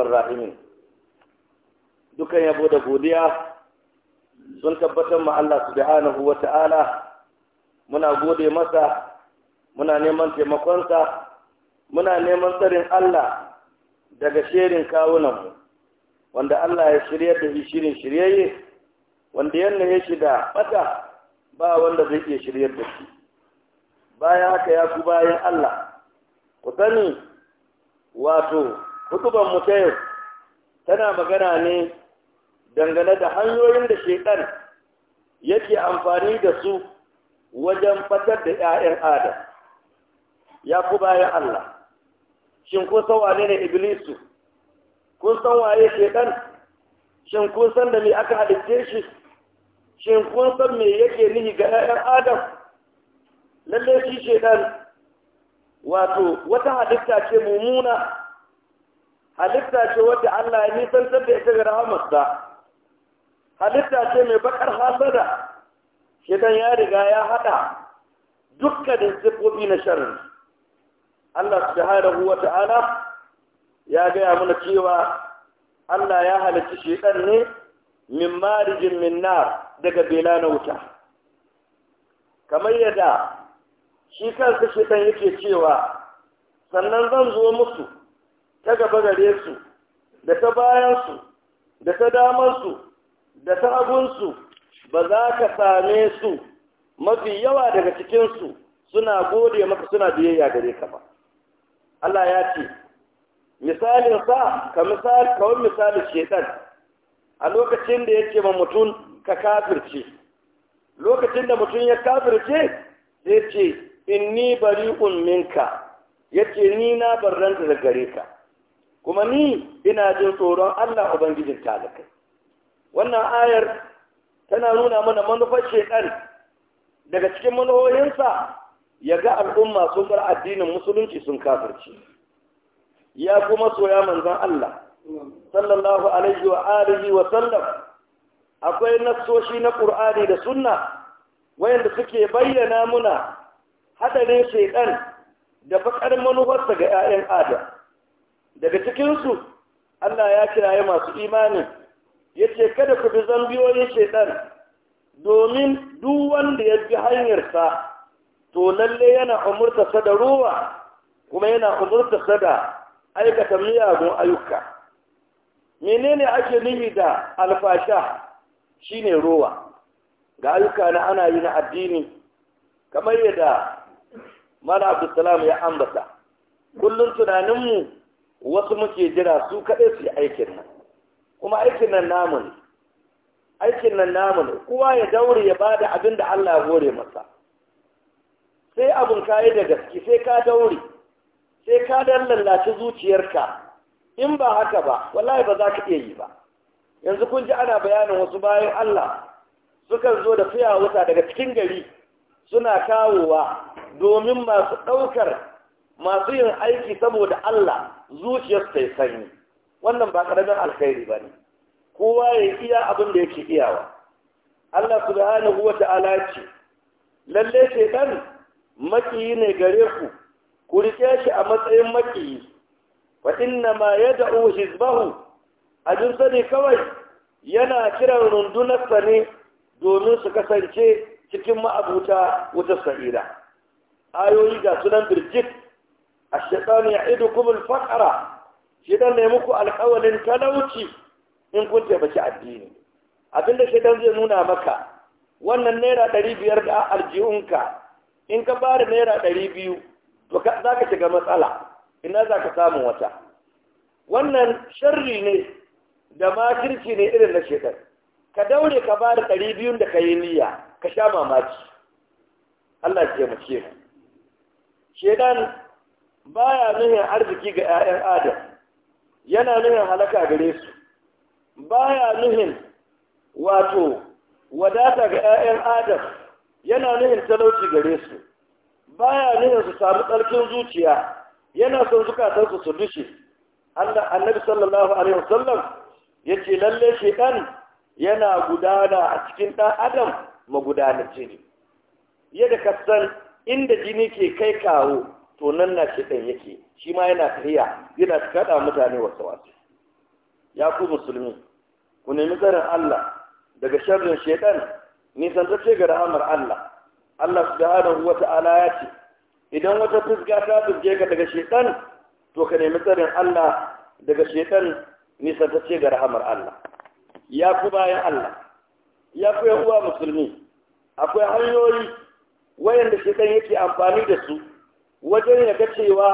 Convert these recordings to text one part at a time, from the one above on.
arhamar rahimin dukan yabo da godiya sun tabbatar ma Allah subhanahu wa ta'ala muna gode masa muna neman taimakonsa muna neman tsarin Allah daga shirin kawunanmu wanda Allah ya shirya da shirin shiryayye wanda yanna ya shiga bata ba wanda zai iya shiryar da shi bayan haka ya ku bayan Allah ku sani wato hutuban mu tana magana ne dangane da hanyoyin da shekar yake amfani da su wajen fatar da 'ya'yan adam ya ku bayan Allah shin kun san wane ne iblisu kun san waye shekar shin kun san da me aka halitte shi shin kun san me yake nihi ga 'ya'yan adam lalle shi shekan wato wata halitta ce mummuna halitta ce wadda Allah ya nisantar da ita ga rahamarsa halitta ce mai bakar hasada shedan ya riga ya hada dukkanin sifofi na sharri Allah subhanahu wa ta'ala ya gaya mana cewa Allah ya halarci shedan ne min marijin min nar daga bela na wuta kamar yadda shi kansa shedan yake cewa sannan zan zo musu ta gaba gare su da ta bayansu da ta damarsu da ta su, ba za ka same su mafi yawa daga cikinsu suna gode maka suna biyayya gare ka ba Allah ya ce misalin sa ka misali wani misalin shedan a lokacin da ya ce ma mutum ka kafirce lokacin da mutum ya kafirce zai ce inni bari'un minka yace ni na barranta da gare ka kuma ni ina jin tsoron Allah ubangijin talakai wannan ayar tana nuna mana manufar shekar daga cikin manuhohinsa ya ga al'umma sun bar addinin musulunci sun kafirci ya kuma soya manzan Allah sallallahu alaihi wa alihi wa sallam akwai nassoshi na ƙur'ani da Sunna wayanda suke bayyana muna hadarin shekar da bakar manufarsa ga 'ya'yan Adam daga cikinsu Allah ya kiraye masu imanin ya ce kada ku bi zambiyoyin shaidan domin duk wanda ya bi hanyarsa to lalle yana umurtasa da ruwa kuma yana umurtasa da aikata miyagun ayyuka menene ake nufi da alfasha shine ruwa ga ayyuka na ana yi na addini kamar yadda mala abdulsalam ya ambata kullum tunaninmu wasu muke jira su kaɗai su yi aikin nan kuma aikin nan namu ne aikin nan namu ne kowa ya daure ya bada abin da Allah ya masa sai abin kayi da gaske sai ka daure sai ka dan lallaci zuciyarka in ba haka ba wallahi ba za ka iya yi ba yanzu kun ji ana bayanin wasu bayan Allah sukan zo da fiya wuta daga cikin gari suna kawowa domin masu ɗaukar masu yin aiki saboda Allah zuciyar sai sanyi wannan ba karamin alkhairi ba ne kowa ya iya abin da yake iyawa Allah subhanahu wa ta'ala ce lalle shaitan makiyi ne gare ku ku rike shi a matsayin makiyi wa inna ma yad'u hizbahu ajin sani kawai yana kiran rundunarsa ne domin su kasance cikin ma'abuta wutar sa'ira ayoyi ga sunan birjit shaytanu ya'idukum al-faqra shedan ne muku alƙawalin talauci in kun taimaki addini abinda shedan zai nuna maka wannan naira 500 da aljihunka in ka bari naira 200 biyu to za ka shiga matsala ina zaka samu wata wannan sharri ne da makirci ne irin na shekar ka daure ka bari ɗari biyun da ka yi niyya ka sha mamaki Allah ya taimake mu shedan baya nuhin arziki ga 'ya'yan adam yana nuhin halaka gare su baya nuhin wato wadata ga 'ya'yan adam yana nuhin talauci gare su baya nuhin su samu tsarkin zuciya yana son zukatansu su dushe annabi sallallahu alaihi wasallam ya ce lalle shekan yana gudana a cikin ɗan adam magudanar jini yadda san inda jini ke kai kawo to nan na shekan yake shi ma yana tahiya yana kaɗa mutane wasu wasu ya ku musulmi ku nemi tsarin Allah daga sharrin shekan nisan ta ce ga rahamar Allah Allah subhanahu wa ta'ala ya ce idan wata fuska ta turje ka daga shekan to ka nemi tsarin Allah daga shekan nisan ta ce ga rahamar Allah ya ku bayan Allah ya ku yan uwa musulmi akwai hanyoyi wayanda shekan yake amfani da su wajen ya ga cewa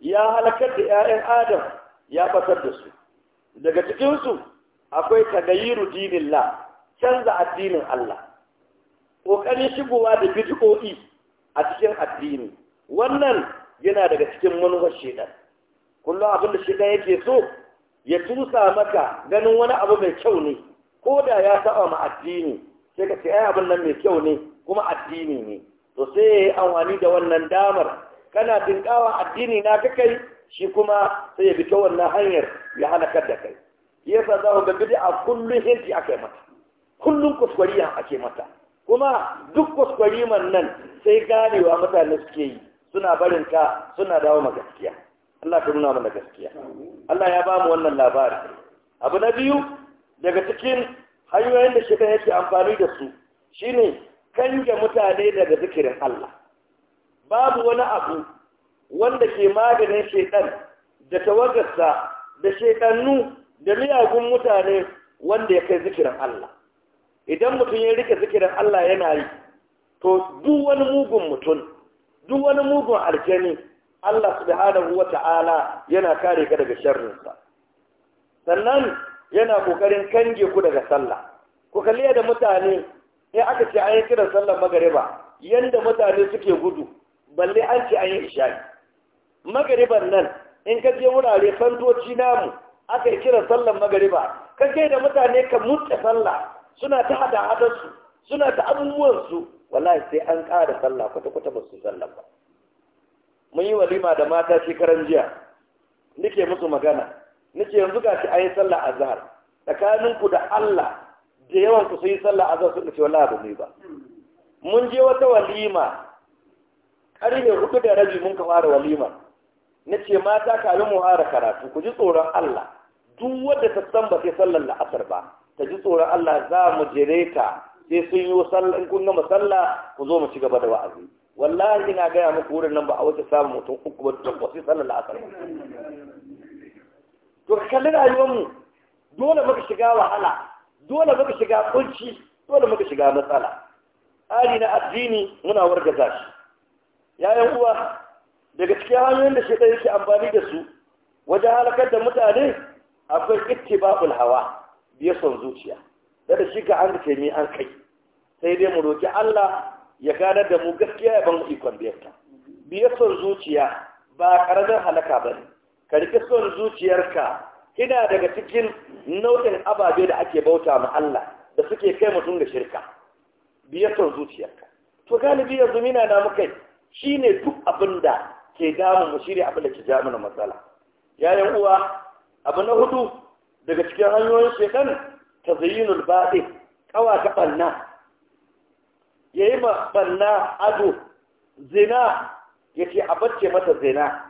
ya halakar da 'ya'yan adam ya fasar da su daga cikinsu akwai tagayiru La, canza addinin Allah ƙoƙari shigowa da bid'o'i a cikin addini wannan yana daga cikin manufar shidan kullum abin da shidan yake so ya tusa maka ganin wani abu mai kyau ne ko da ya saba ma addini sai ka ce ai abin nan mai kyau ne kuma addini ne to sai ya yi amfani da wannan damar kana dinkawa addini na kakai shi kuma sai ya bi wannan hanyar ya da kai yasa za ku ga a kullun hinti aka yi mata kullun kuskuriya ake mata kuma duk man nan sai ganewa mutane suke yi suna barin ka suna dawo ma gaskiya Allah ka nuna mana gaskiya Allah ya ba mu wannan labari abu na biyu daga cikin hanyoyin da shi yake amfani da su shine kange mutane daga zikirin Allah babu wani abu wanda ke maganin shaitan da tawagarsa da shekannu da miyagun mutane wanda ya kai zikirin Allah idan mutum ya rike zikirin Allah yana yi to duk wani mugun mutum duk wani mugun aljani Allah subhanahu wa ta'ala yana kare ka daga sharrinsa sannan yana kokarin kange ku daga sallah ku kalli da mutane ya aka ce an yi kiran sallar magariba yanda mutane suke gudu balle an ce an yi ishari magariban nan in ka je wurare fantoci namu aka yi kiran sallan magariba ka kai da mutane ka mutse sallah suna ta hada hadarsu suna ta abubuwansu wallahi sai an ƙara sallah kwata-kwata ba su sallan ba mun yi walima da mata shekaran jiya nike musu magana nike yanzu ga shi a yi sallah azhar tsakaninku da Allah da yawan ku sun yi sallah azhar sun ce wallahi abu ne ba mun je wata walima ƙarfe hudu da rabi mun ka fara walima na ce mata kamin mu fara karatu ku ji tsoron Allah duk wadda ta san ba sai sallar la'asar ba ta ji tsoron Allah za mu jere ka sai sun yi sallah in kun gama sallah ku zo mu ci gaba da wa'azi wallahi ina gaya muku wurin nan ba a wuce samun mutum uku ba ta kwasi sallar la'asar to ka kalli mu dole muka shiga wahala dole muka shiga kunci dole muka shiga matsala ali na addini muna wargaza shi yayan uwa daga cikin hanyoyin da shekaru yake amfani da su wajen halakar da mutane akwai itti babul hawa biya son zuciya da shi ga an ce an kai sai dai mu roki Allah ya gane da mu gaskiya ya ban ikon biyarta biya son zuciya ba ƙaramin halaka ba ne ka rike son zuciyarka ina daga cikin nau'in ababe da ake bauta ma Allah da suke kai mutum da shirka biya son zuciyarka to galibi yanzu mina na mu kai Shi ne duk abin da ke damu mu shirya abin da ke damu na matsala yayin uwa abu na hudu daga cikin hanyoyin shekan tazayinul baɗi kawa ta ɓanna ya yi ma ɓanna ado zina ya ce abacce mata zina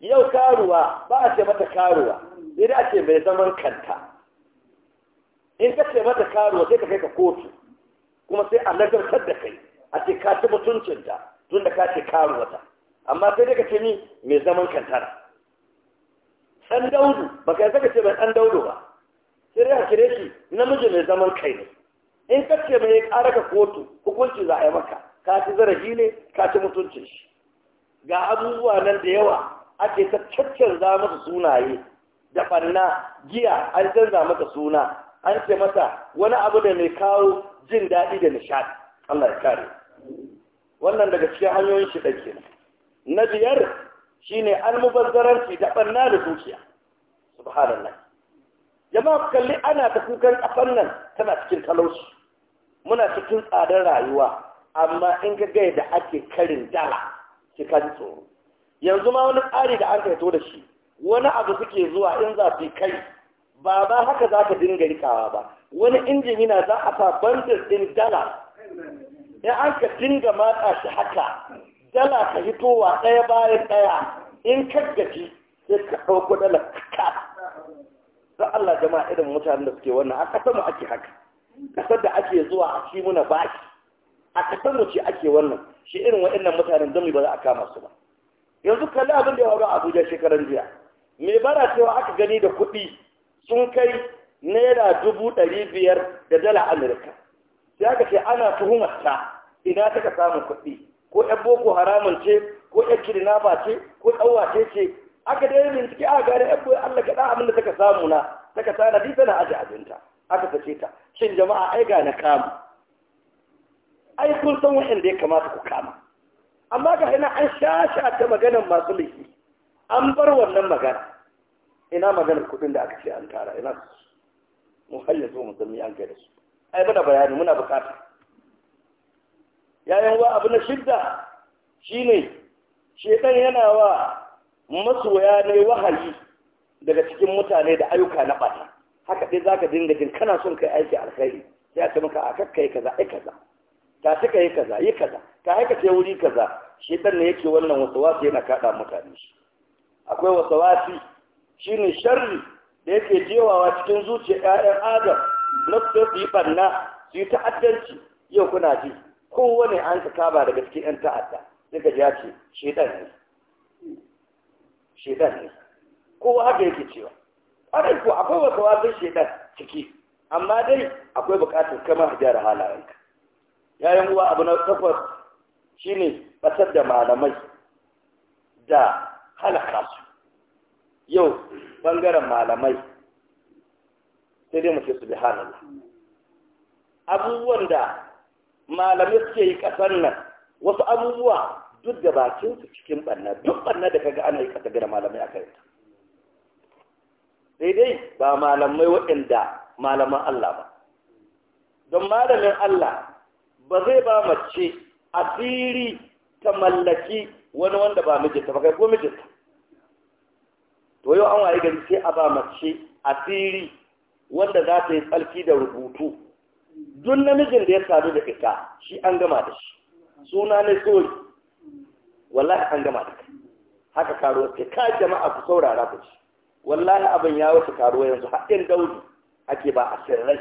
yau karuwa ba a ce mata karuwa sai a ce mai zaman kanta in ka ce mata karuwa sai ka kai ka kotu kuma sai a nazartar da kai a ce ka ci mutuncinta tun da ka ce wata amma sai dai ka ni mai zaman kantara ɗan daudu ba ka yanzu ce mai ɗan daudu ba sai dai ka shi namiji mai zaman kai ne in ka ce mai ƙara ka kotu hukunci za a yi maka ka ci zarafi ne ka ci mutuncin shi ga abubuwa nan da yawa ake ta za masa sunaye da ɓanna giya an canza masa suna an ce masa wani abu da mai kawo jin daɗi da nishaɗi Allah ya kare wannan daga cikin hanyoyin shi ɗake na biyar shine almubazzaranci da ɓanna da dukiya subhanallah jama'a kalli ana ta kukan ƙasar nan tana cikin talauci muna cikin tsadar rayuwa amma in ka gaya da ake karin dala ki ji tsoro yanzu ma wani tsari da an kaito da shi wani abu suke zuwa in za su kai ba ba haka za ka dinga rikawa ba wani na za a sa bandar ɗin dala in an ka dinga matsa shi haka dala ka hitowa ɗaya bayan ɗaya in kaggaci sai ka ɗauko dala ka don Allah jama'a irin mutanen da suke wannan a ƙasar mu ake haka ƙasar da ake zuwa a ci muna baki a ƙasar mu ce ake wannan shi irin waɗannan mutanen don ba za a kama su ba yanzu kalli abin da ya faru a Abuja shekaran jiya me bara cewa aka gani da kuɗi sun kai naira dubu ɗari biyar da dala Amurka sai aka ce ana tuhumarta ina taka samun kuɗi ko ɗan boko haramun ce ko ɗan kidnapper ce ko ɗan ce aka dai ciki aka gane ɗan boye Allah ka ɗan abin da taka samu na taka sa na bi tana aje abinta aka sace ta shin jama'a ai ga na kama ai kun san da ya kamata ku kama amma ga ina an shasha ta maganar masu laifi an bar wannan magana ina maganar kuɗin da aka ce an tara ina su mu hayyazo mu zama an kai da su ai muna bayani muna bukata yayin wa abu na shidda shine shedan yana wa masoya ne wahayi daga cikin mutane da ayyuka na bata haka dai zaka dinga jin kana son kai aiki alkhairi sai ka maka a kakkai kaza ai kaza ta taka yi kaza yi kaza ta haka ce wuri kaza shedan ne yake wannan wasawasi yana kada mutane shi akwai wasawasi shine sharri da yake jewawa cikin zuciyar ƴaƴan adam na banna su yi ta'addanci yau kuna ji kowane an ka ba daga cikin 'yan ta'adda ka ji ce shedan ne shedan ne kowa haka yake cewa ƙwarar ko akwai wata wasan shedan ciki amma dai akwai buƙatar kama a jihar halayenka yayin uwa abu na takwas shine batar da malamai da halaka yau bangaren malamai sai dai mu ce subhanallah abubuwan da malamai suke yi kasar nan wasu abubuwa duk da bakin su cikin banna duk banna da kaga ana yi kasa gara malamai a kai sai dai ba malamai waɗanda malaman Allah ba don malamin Allah ba zai ba mace asiri ta mallaki wani wanda ba mijinta ba kai ko mijinta to yau an waye gari sai a ba mace asiri wanda za ta yi tsarki da rubutu duk namijin da ya sadu da ita shi an gama da shi suna ne tsori wallahi an gama da kai haka karuwa ke ka jama'a ku saurara ku ci wallahi abin ya wuce karuwa yanzu haɗin daudu ake ba a sirrai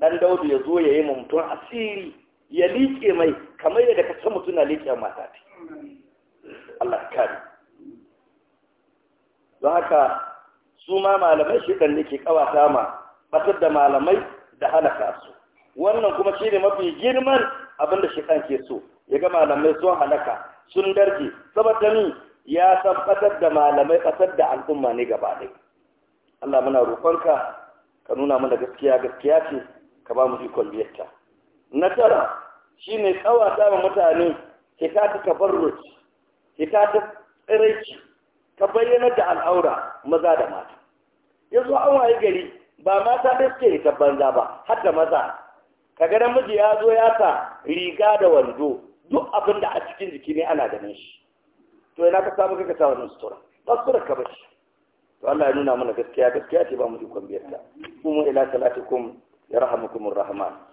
ɗan daudu ya zo ya yi mutum asiri ya liƙe mai kamar yadda ka san mutum na liƙe mata ta Allah ka kare don haka su ma malamai shedan ne ke kawata ma batar da malamai da halaka su wannan kuma shine mafi girman abin da shedan ke so ya ga malamai sun halaka sun darje saboda ni ya tabbatar da malamai batar da al'umma ne gaba ɗaya Allah muna roƙonka ka nuna mana gaskiya gaskiya ce ka ba mu ikon biyarta na tara shine tsawata wa mutane ke ta tabarruci hita ta tsiraici ka bayyanar da al'aura maza da mata yanzu an waye gari ba mata da suke ta banza ba har da maza ka ga namiji ya zo ya sa riga da wando duk abin da a cikin jiki ne ana ganin shi to yana ka samu kaka sa wannan sutura ba sutura ka bashi to Allah ya nuna mana gaskiya gaskiya ce ba mu kwambiyar ta kuma ila salatikum yarhamukumur rahman